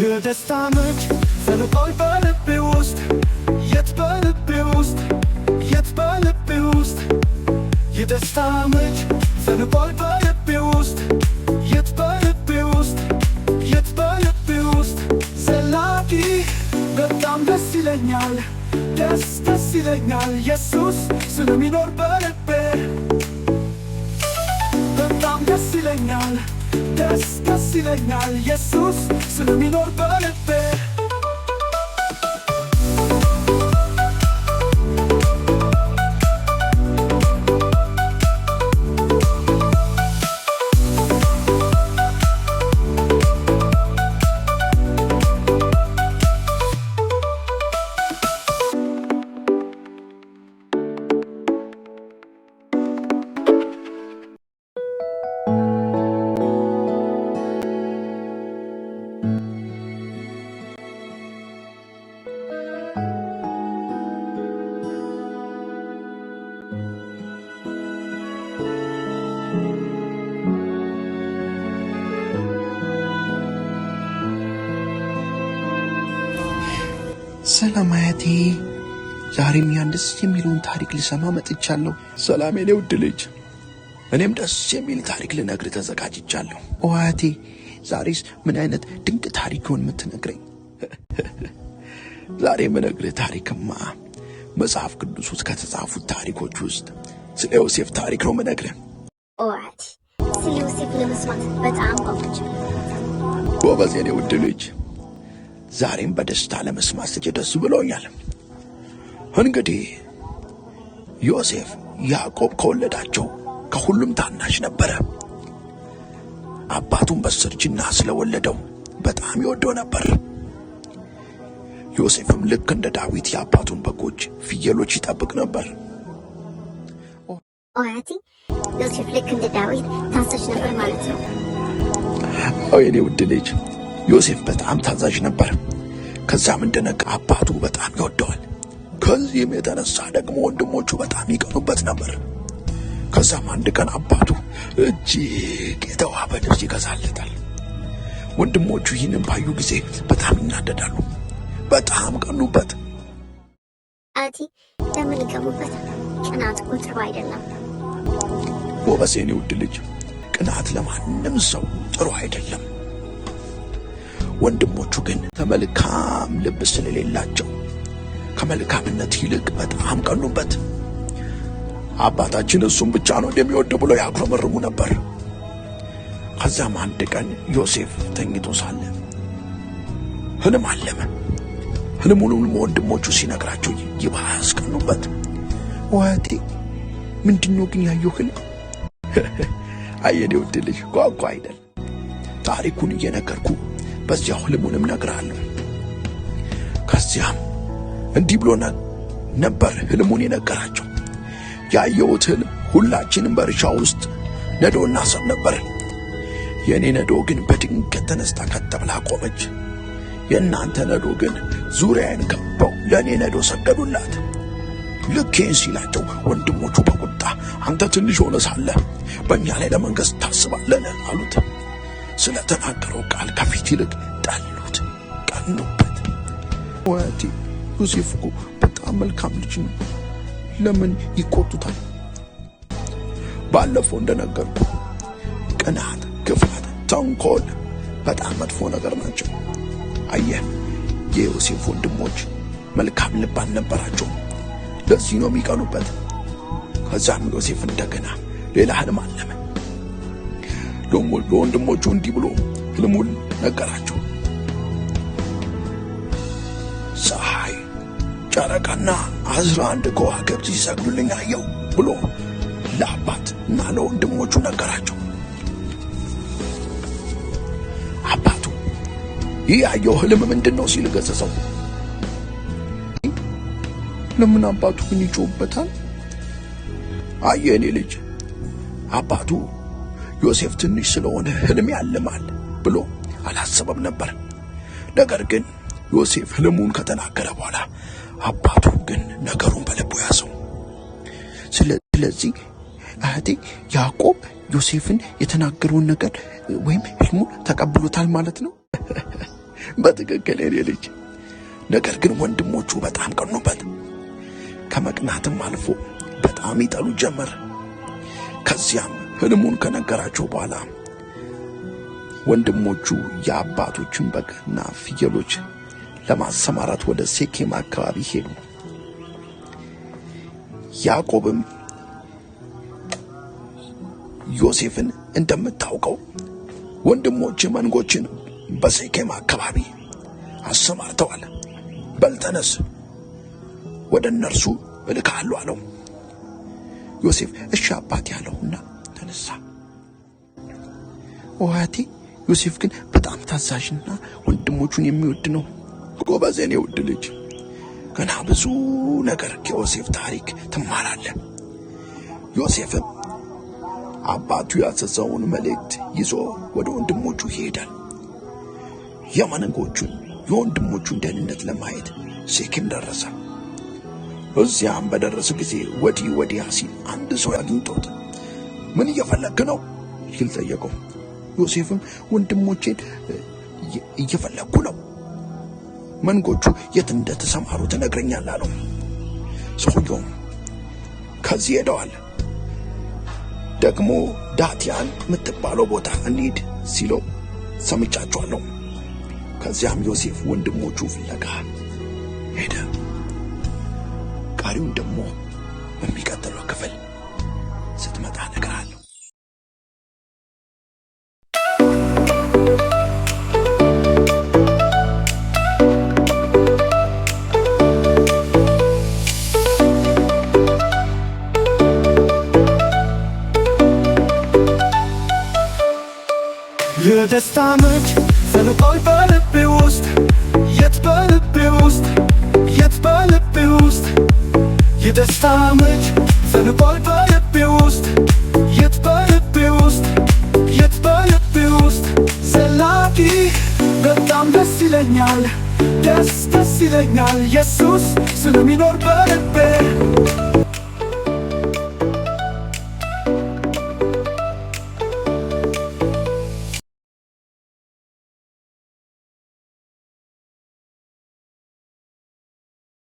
የደስታ ምንጭ ፈልቆይ በልቤ ውስጥ የት በልቤ ውስጥ የት በልቤ ውስጥ የደስታ ምንጭ ፈልቆይ በልቤ ውስጥ የት በልቤ ውስጥ የት በልቤ ውስጥ ዘላቂ በጣም ደስ ይለኛል ደስ ደስ ይለኛል ኢየሱስ ስለሚኖር በልቤ በጣም ደስ ይለኛል ደስ ይለኛል ኢየሱስ ስለሚኖር በልቤ ሰላም አያቴ፣ ዛሬም ያን ደስ የሚለውን ታሪክ ልሰማ መጥቻለሁ። ሰላም የኔ ውድ ልጅ፣ እኔም ደስ የሚል ታሪክ ልነግር ተዘጋጅቻለሁ። ኦ አያቴ፣ ዛሬስ ምን አይነት ድንቅ ታሪክ ይሆን የምትነግረኝ? ዛሬ የምነግርህ ታሪክማ መጽሐፍ ቅዱስ ውስጥ ከተጻፉት ታሪኮች ውስጥ ስለ ዮሴፍ ታሪክ ነው የምነግርህ። ኦ አያቴ፣ ስለ ዮሴፍ ለመስማት በጣም ጓጉቻለሁ። ጎበዝ የኔ ውድ ልጅ ዛሬም በደስታ ለመስማት ስጅ ደስ ብሎኛል። እንግዲህ ዮሴፍ ያዕቆብ ከወለዳቸው ከሁሉም ታናሽ ነበረ። አባቱን በስርጅና ስለወለደው በጣም ይወደው ነበር። ዮሴፍም ልክ እንደ ዳዊት የአባቱን በጎች፣ ፍየሎች ይጠብቅ ነበር። ዮሴፍ ልክ እንደ ዳዊት ታናሽ ነበር ማለት ነው። የኔ ውድ ልጅ ዮሴፍ በጣም ታዛዥ ነበር። ከዛም እንደነቃ አባቱ በጣም ይወደዋል። ከዚህም የተነሳ ደግሞ ወንድሞቹ በጣም ይቀኑበት ነበር። ከዛም አንድ ቀን አባቱ እጅግ የተዋበ ልብስ ይገዛለታል። ወንድሞቹ ይህንን ባዩ ጊዜ በጣም ይናደዳሉ፣ በጣም ቀኑበት። አቲ ለምን ይቀኑበት? ቅናት ቁጥሩ አይደለም ጎበሴ፣ የኔ ውድ ልጅ። ቅናት ለማንም ሰው ጥሩ አይደለም። ወንድሞቹ ግን ከመልካም ልብ ስለሌላቸው ከመልካምነት ይልቅ በጣም ቀኑበት። አባታችን እሱም ብቻ ነው እንደሚወድ ብሎ ያጉረመርሙ ነበር። ከዚያም አንድ ቀን ዮሴፍ ተኝቶ ሳለ ህልም አለመ። ህልሙንም ወንድሞቹ ሲነግራቸው ይባስ ቀኑበት። ዋቴ ምንድነው ግን ያየው ህልም? አየኔ ውድ ልጅ ጓጓ አይደል? ታሪኩን እየነገርኩ በዚያው ህልሙንም እነግርሃለሁ። ከዚያም እንዲህ ብሎ ነበር ህልሙን የነገራቸው። ያየሁት ህልም ሁላችንም በእርሻ ውስጥ ነዶ እናሰብ ነበር። የእኔ ነዶ ግን በድንገት ተነስታ ቀጥ ብላ ቆመች። የእናንተ ነዶ ግን ዙሪያዬን ከበው ለእኔ ነዶ ሰገዱላት። ልክ ይህን ሲላቸው ወንድሞቹ በቁጣ አንተ ትንሽ ሆነ ሳለ በእኛ ላይ ለመንገሥ ታስባለን አሉት። ስለተናገረው ቃል ከፊት ይልቅ ጠሉት፣ ቀኑበት። ወያቴ ዮሴፍ እኮ በጣም መልካም ልጅ ነው። ለምን ይቆጡታል? ባለፈው እንደነገርኩ ቅናት፣ ክፋት፣ ተንኮል በጣም መጥፎ ነገር ናቸው። አየህ የዮሴፍ ወንድሞች መልካም ልብ አልነበራቸውም። ለዚህ ነው የሚቀኑበት። ከዛም ዮሴፍ እንደገና ሌላ ህልም አለመ። ወንድሞቹ እንዲህ ብሎ ህልሙን ነገራቸው። ፀሐይ፣ ጨረቃና አስራ አንድ ከዋክብት ሲሰግዱልኝ አየሁ ብሎ ለአባት እና ለወንድሞቹ ነገራቸው። አባቱ ይህ ያየው ህልም ምንድን ነው ሲል ገሰሰው። ለምን አባቱ ግን ይጮህበታል? አየ እኔ ልጅ አባቱ ዮሴፍ ትንሽ ስለሆነ ህልም ያልማል ብሎ አላሰበም ነበር። ነገር ግን ዮሴፍ ህልሙን ከተናገረ በኋላ አባቱ ግን ነገሩን በልቡ ያዘው። ስለዚህ እህቴ ያዕቆብ ዮሴፍን የተናገረውን ነገር ወይም ህልሙን ተቀብሎታል ማለት ነው። በትክክል የኔ ልጅ። ነገር ግን ወንድሞቹ በጣም ቀኑበት። ከመቅናትም አልፎ በጣም ይጠሉ ጀመር። ከዚያም ህልሙን ከነገራቸው በኋላ ወንድሞቹ የአባቶችን በግና ፍየሎች ለማሰማራት ወደ ሴኬም አካባቢ ሄዱ። ያዕቆብም ዮሴፍን እንደምታውቀው ወንድሞች መንጎችን በሴኬም አካባቢ አሰማርተዋል፣ በልተነስ ወደ እነርሱ እልክሃለሁ አለው። ዮሴፍ እሺ አባት ያለውና ተነሳ። ውሃቴ ዮሴፍ ግን በጣም ታዛዥና ወንድሞቹን የሚወድ ነው። ጎበዝ፣ የኔ ውድ ልጅ። ገና ብዙ ነገር ከዮሴፍ ታሪክ ትማራለህ። ዮሴፍም አባቱ ያዘዘውን መልእክት ይዞ ወደ ወንድሞቹ ይሄዳል። የመንጎቹን የወንድሞቹን ደህንነት ለማየት ሴኬም ደረሰ። እዚያም በደረሰ ጊዜ ወዲህ ወዲያ ሲል አንድ ሰው አግኝቶት ምን እየፈለክ ነው ሲል ጠየቀው። ዮሴፍም ወንድሞቼን እየፈለግኩ ነው፣ መንጎቹ የት እንደተሰማሩ ትነግረኛል አለው። ሰውየውም ከዚህ ሄደዋል፣ ደግሞ ዳቲያን የምትባለው ቦታ እንሂድ ሲለው ሰምቻቸዋለሁ። ከዚያም ዮሴፍ ወንድሞቹ ፍለጋ ሄደ። ቀሪውን ደግሞ በሚቀጥለው ክፍል ስትመጣ እነግርሃለሁ። የደስታ ምንጭ ዘንቆይ በልቤ ውስጥ የት በልቤ ውስጥ የት በልቤ ውስጥ የደስታ ምንጭ ዘንቆይ ይለኛል ደስ ደስ ይለኛል ኢየሱስ ስለሚኖር በልቤ